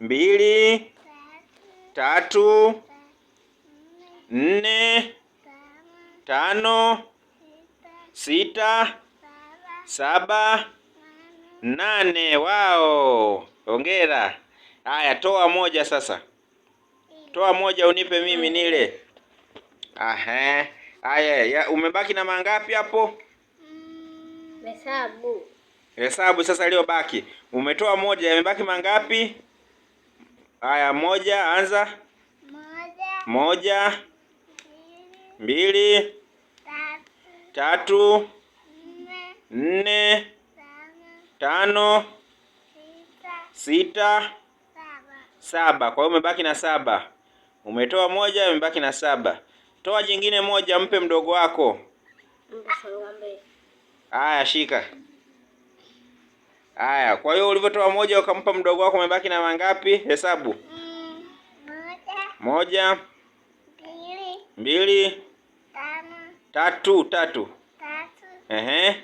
mbili, tatu, nne, tano, sita, saba, nane. Wao, hongera. Haya, toa moja sasa, toa moja unipe mimi nile. Aha. Haya, umebaki na mangapi hapo? Hesabu. Hesabu sasa, leo baki umetoa moja, yamebaki mangapi? Haya, moja, anza. Moja, moja mbili, mbili tatu, tatu nne, nne tano, tano sita, sita saba. Kwa hiyo umebaki na saba, umetoa moja, umebaki na saba. Toa jingine moja, mpe mdogo wako. Haya, shika. Haya, kwa hiyo ulivyotoa moja ukampa mdogo wako, umebaki na mangapi? Hesabu. Mm, moja, mbili, mbili, tano, tatu, tatu, tatu, ehe,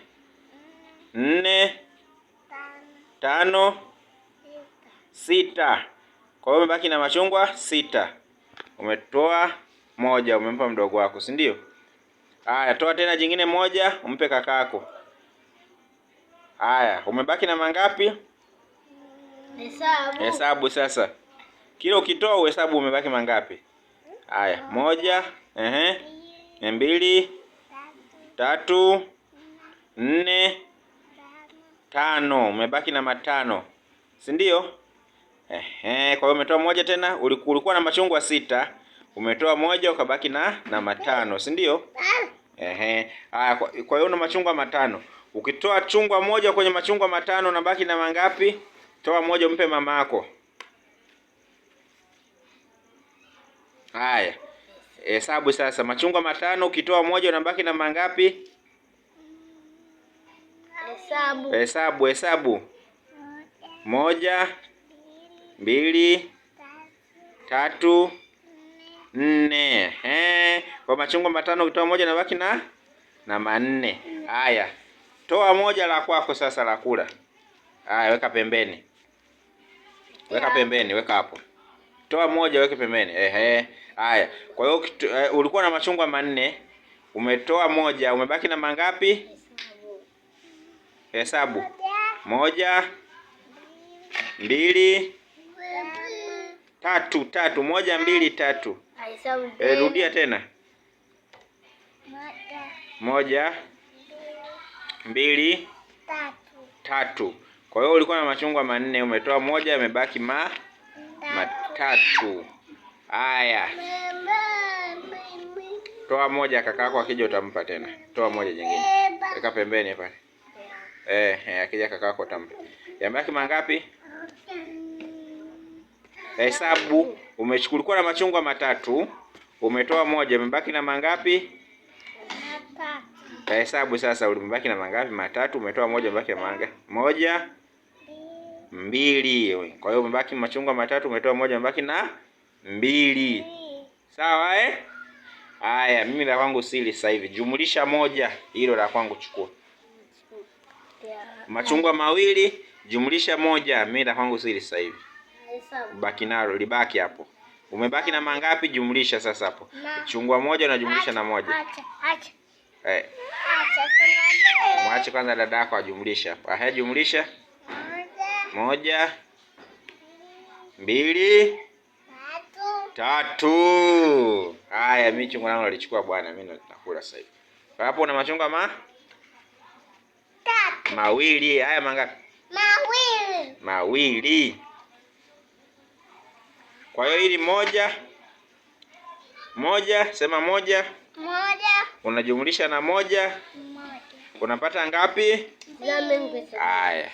nne, tano, tano, sita. Kwa hiyo umebaki na machungwa sita. Umetoa moja umempa mdogo wako, si ndio? Haya, toa tena jingine moja umpe kakaako Haya, umebaki na mangapi? Hesabu. Hesabu sasa. Kile ukitoa uhesabu umebaki mangapi? Haya, moja, ehe. Mbili, tatu, nne, tano. Umebaki na matano. Si ndio? Ehe, kwa hiyo umetoa moja tena, ulikuwa na machungwa sita. Umetoa moja ukabaki na na matano, si ndio? Ehe. Haya, kwa hiyo una machungwa matano. Ukitoa chungwa moja kwenye machungwa matano unabaki na mangapi? Toa moja umpe mama yako. Haya, hesabu sasa. Machungwa matano ukitoa moja unabaki na mangapi? Hesabu, hesabu, hesabu. Moja, mbili, tatu, nne. Eh, kwa machungwa matano ukitoa moja unabaki na na manne. Haya. Toa moja la kwako sasa la kula. Haya, weka pembeni, weka pembeni, weka hapo. Toa moja weke pembeni. Ehe, haya. Kwa hiyo uh, ulikuwa na machungwa manne, umetoa moja, umebaki na mangapi? Hesabu. Moja, mbili, tatu, tatu. Moja, mbili, tatu. E, rudia tena. Moja mbili, tatu. Tatu. Kwa hiyo ulikuwa na machungwa manne, umetoa moja, yamebaki ma matatu. Haya, toa moja, kakako akija utampa tena. Toa moja jingine, weka pembeni pale. Eh, eh, akija kakako utampa. Yamebaki mangapi? Eh, hesabu. Umechukua na machungwa matatu, umetoa moja, yamebaki na mangapi? Matatu. Kahesabu sasa, ulimbaki na mangapi? Matatu. Umetoa moja, umebaki na mangapi? Moja, mbili. Kwa hiyo umebaki machungwa matatu, umetoa moja, umebaki na mbili. Sawa eh? Haya, mimi la kwangu sili sasa hivi. Jumulisha moja, hilo la kwangu chukua. Machungwa mawili, jumulisha moja, mimi la kwangu sili sasa hivi. Baki nalo, libaki hapo. Umebaki na mangapi? Jumlisha sasa hapo. Chungwa moja unajumlisha na moja. Acha, acha. Eh. Mwache kwanza dada yako ajumlisha. Ahe, jumlisha. Moja, mbili, tatu. Haya, mimi chungu langu nalichukua bwana, mimi nakula sasa hivi. Kwa hapo una machungwa ma? Tatu. Mawili. Haya mangapi? Mawili. Mawili. Kwa hiyo hili moja moja, sema moja moja. Unajumlisha na moja? Moja. Unapata ngapi? Haya.